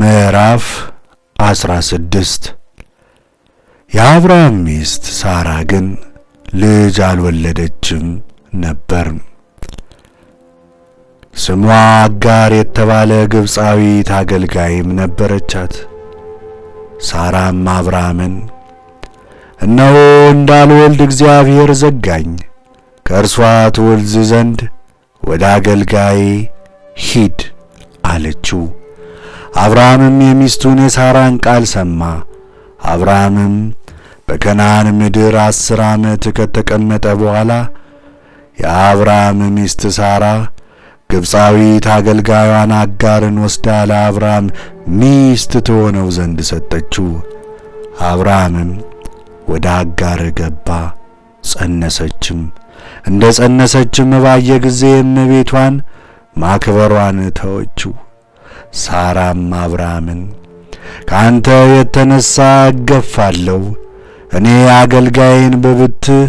ምዕራፍ 16 የአብርሃም ሚስት ሳራ ግን ልጅ አልወለደችም ነበር። ስሟ አጋር የተባለ ግብፃዊት አገልጋይም ነበረቻት። ሳራም አብርሃምን እነሆ እንዳልወልድ እግዚአብሔር ዘጋኝ፣ ከእርሷ ትወልድ ዘንድ ወደ አገልጋይ ሂድ አለችው። አብርሃምም የሚስቱን የሳራን ቃል ሰማ። አብርሃምም በከናን ምድር አስር ዓመት ከተቀመጠ በኋላ የአብርሃም ሚስት ሳራ ግብፃዊት አገልጋዩን አጋርን ወስዳ ለአብርሃም ሚስት ትሆነው ዘንድ ሰጠችው። አብርሃምም ወደ አጋር ገባ፣ ጸነሰችም። እንደ ጸነሰችም ባየ ጊዜ እመቤቷን ማክበሯን ተወችው። ሳራም አብርሃምን ከአንተ የተነሳ እገፋለሁ፣ እኔ አገልጋይን በብትህ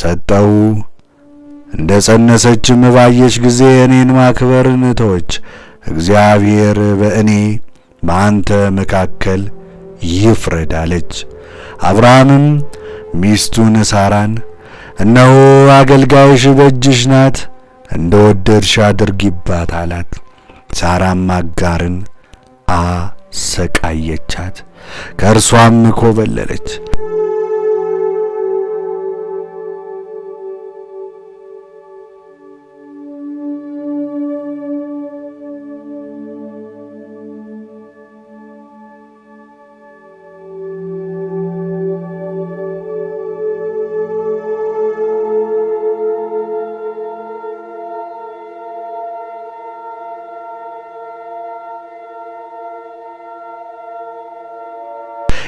ሰጠው። እንደ ጸነሰችም ባየች ጊዜ እኔን ማክበርን ተወች። እግዚአብሔር በእኔ በአንተ መካከል ይፍረድ አለች። አብርሃምም ሚስቱን ሳራን እነሆ አገልጋይሽ በእጅሽ ናት፣ እንደ ወደድሽ አድርጊባት አላት። ሳራም አጋርን አሰቃየቻት፣ ከእርሷም ኮበለለች።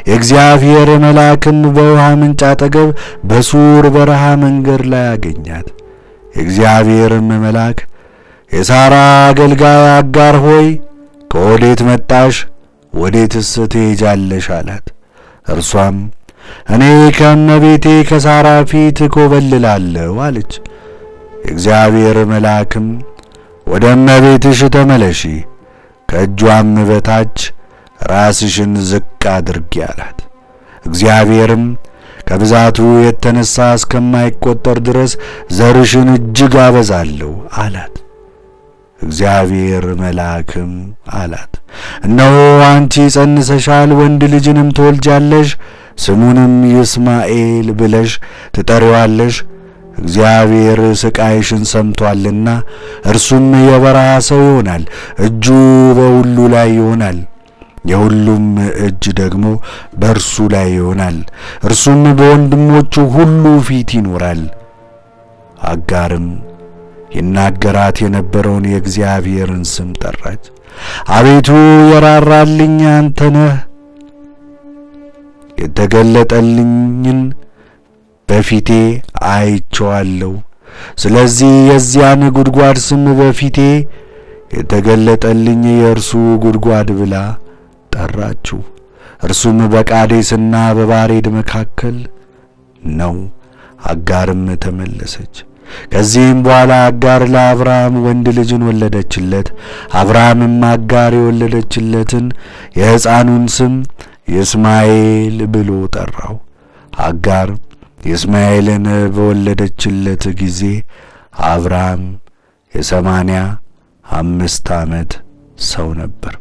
የእግዚአብሔር መልአክም በውሃ ምንጭ አጠገብ በሱር በረሃ መንገድ ላይ አገኛት። የእግዚአብሔርም መልአክ የሳራ አገልጋይ አጋር ሆይ ከወዴት መጣሽ? ወዴትስ ትሄጃለሽ? አላት። እርሷም እኔ ከእመቤቴ ከሳራ ፊት ኮበልላለሁ አለች። የእግዚአብሔር መልአክም ወደ እመቤትሽ ተመለሺ ከእጇም በታች ራስሽን ዝቅ አድርጊ አላት። እግዚአብሔርም ከብዛቱ የተነሳ እስከማይቆጠር ድረስ ዘርሽን እጅግ አበዛለሁ አላት። እግዚአብሔር መልአክም አላት፣ እነሆ አንቺ ጸንሰሻል፣ ወንድ ልጅንም ትወልጃለሽ፣ ስሙንም ይስማኤል ብለሽ ትጠሪዋለሽ። እግዚአብሔር ሥቃይሽን ሰምቶአልና እርሱም የበረሃ ሰው ይሆናል፣ እጁ በሁሉ ላይ ይሆናል የሁሉም እጅ ደግሞ በእርሱ ላይ ይሆናል፣ እርሱም በወንድሞቹ ሁሉ ፊት ይኖራል። አጋርም ይናገራት የነበረውን የእግዚአብሔርን ስም ጠራች። አቤቱ የራራልኝ አንተ ነህ፣ የተገለጠልኝን በፊቴ አይቼዋለሁ። ስለዚህ የዚያን ጉድጓድ ስም በፊቴ የተገለጠልኝ የእርሱ ጉድጓድ ብላ ጠራችሁ። እርሱም በቃዴስና በባሬድ መካከል ነው። አጋርም ተመለሰች። ከዚህም በኋላ አጋር ለአብርሃም ወንድ ልጅን ወለደችለት። አብርሃምም አጋር የወለደችለትን የሕፃኑን ስም ይስማኤል ብሎ ጠራው። አጋር ይስማኤልን በወለደችለት ጊዜ አብርሃም የሰማንያ አምስት ዓመት ሰው ነበር።